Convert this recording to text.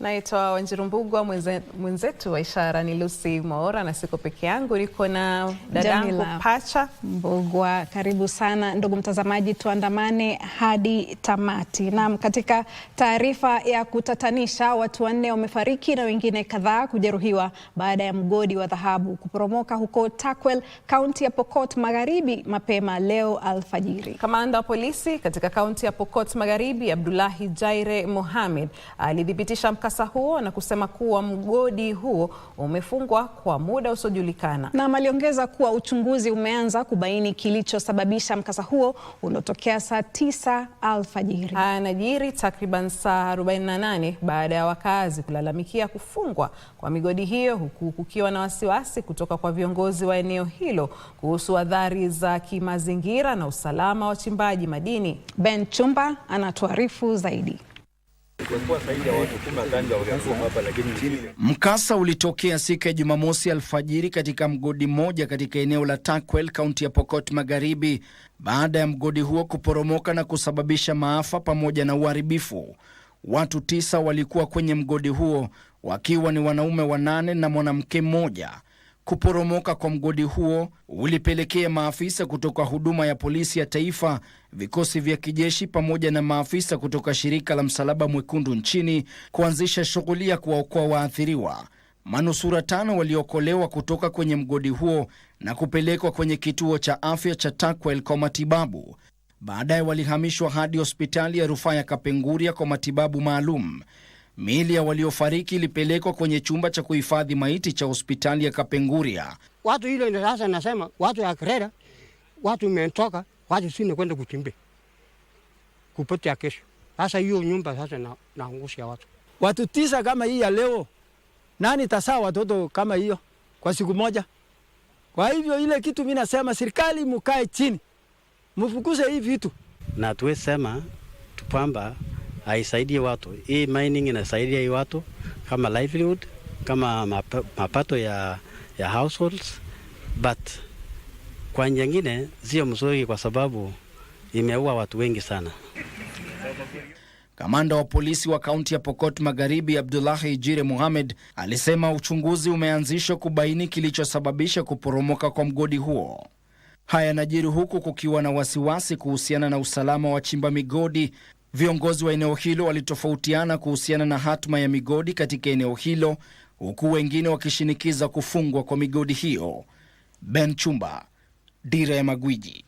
Naitwa Wanjiru Mbugwa, mwenzetu wa ishara ni Lucy Maora na siko peke yangu, niko na dadangu Pacha Mbugwa. Karibu sana ndugu mtazamaji, tuandamane hadi tamati. Naam, katika taarifa ya kutatanisha, watu wanne wamefariki na wengine kadhaa kujeruhiwa baada ya mgodi wa dhahabu kuporomoka huko Turkwel, kaunti ya Pokot Magharibi mapema leo alfajiri. Kamanda wa polisi katika kaunti ya Pokot Magharibi Abdullahi Jaire Mohamed alithibitisha mkasa huo na kusema kuwa mgodi huo umefungwa kwa muda usiojulikana. na aliongeza kuwa uchunguzi umeanza kubaini kilichosababisha mkasa huo uliotokea saa tisa alfajiri. Anajiri takriban saa 48 baada ya wakazi kulalamikia kufungwa kwa migodi hiyo huku kukiwa na wasiwasi kutoka kwa viongozi wa eneo hilo kuhusu athari za kimazingira na usalama wa wachimbaji madini. Ben Chumba anatuarifu zaidi. Mkasa ulitokea siku ya Jumamosi alfajiri katika mgodi mmoja katika eneo la takwel kaunti ya Pokot Magharibi, baada ya mgodi huo kuporomoka na kusababisha maafa pamoja na uharibifu. Watu tisa walikuwa kwenye mgodi huo wakiwa ni wanaume wanane na mwanamke mmoja. Kuporomoka kwa mgodi huo ulipelekea maafisa kutoka huduma ya polisi ya taifa, vikosi vya kijeshi pamoja na maafisa kutoka shirika la Msalaba Mwekundu nchini kuanzisha shughuli ya kuwaokoa waathiriwa. Manusura tano waliokolewa kutoka kwenye mgodi huo na kupelekwa kwenye kituo cha afya cha Turkwel kwa matibabu. Baadaye walihamishwa hadi hospitali ya rufaa ya Kapenguria kwa matibabu maalum. Miili ya waliofariki ilipelekwa kwenye chumba cha kuhifadhi maiti cha hospitali ya Kapenguria. Watu hilo ndio sasa nasema watu ya Kerera, watu imetoka, watu sini kwenda kukimbia kupotea kesho. Sasa hiyo nyumba sasa na, naangusha watu watu tisa kama hii ya leo, nani tasaa watoto kama hiyo kwa siku moja? Kwa hivyo ile kitu mi nasema serikali mukae chini, mufukuze hii vitu na tuwe sema tupamba haisaidie watu. Hii mining inasaidia hii watu kama livelihood, kama mapato ya, ya households but kwa njia nyingine sio mzuri, kwa sababu imeua watu wengi sana. Kamanda wa polisi wa kaunti ya Pokot Magharibi, Abdullahi Jire Mohamed, alisema uchunguzi umeanzishwa kubaini kilichosababisha kuporomoka kwa mgodi huo. Haya yanajiri huku kukiwa na wasiwasi kuhusiana na usalama wa chimba migodi Viongozi wa eneo hilo walitofautiana kuhusiana na hatma ya migodi katika eneo hilo, huku wengine wakishinikiza kufungwa kwa migodi hiyo. Ben Chumba, Dira ya Magwiji.